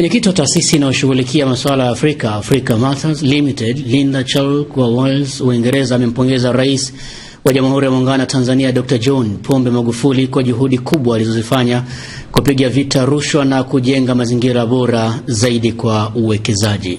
Mwenyekiti wa taasisi inayoshughulikia masuala ya Afrika, Africa Matters Limited, Linda Chalk wa Wales, Uingereza, amempongeza Rais wa Jamhuri ya Muungano wa Tanzania Dr. John Pombe Magufuli kwa juhudi kubwa alizozifanya kupiga vita rushwa na kujenga mazingira bora zaidi kwa uwekezaji.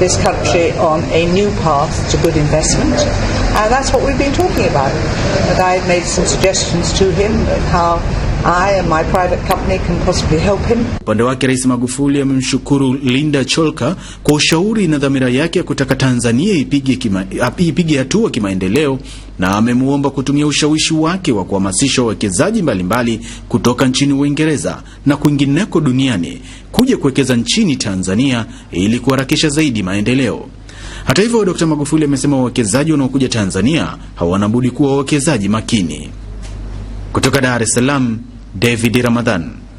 this country on a new path to good investment. And that's what we've been talking about. And I have made some suggestions to him of how I and my private company can possibly help him. Upande wake Rais Magufuli amemshukuru Linda Cholka kwa ushauri na dhamira yake ya kutaka Tanzania ipige kima, ipige hatua kimaendeleo na amemuomba kutumia ushawishi wake wa kuhamasisha wawekezaji mbalimbali kutoka nchini Uingereza na kwingineko duniani kuja kuwekeza nchini Tanzania ili kuharakisha zaidi maendeleo. Hata hivyo, Dr. Magufuli amesema wawekezaji wanaokuja Tanzania hawana budi kuwa wawekezaji makini. Kutoka Dar es Salaam Devi di Ramadan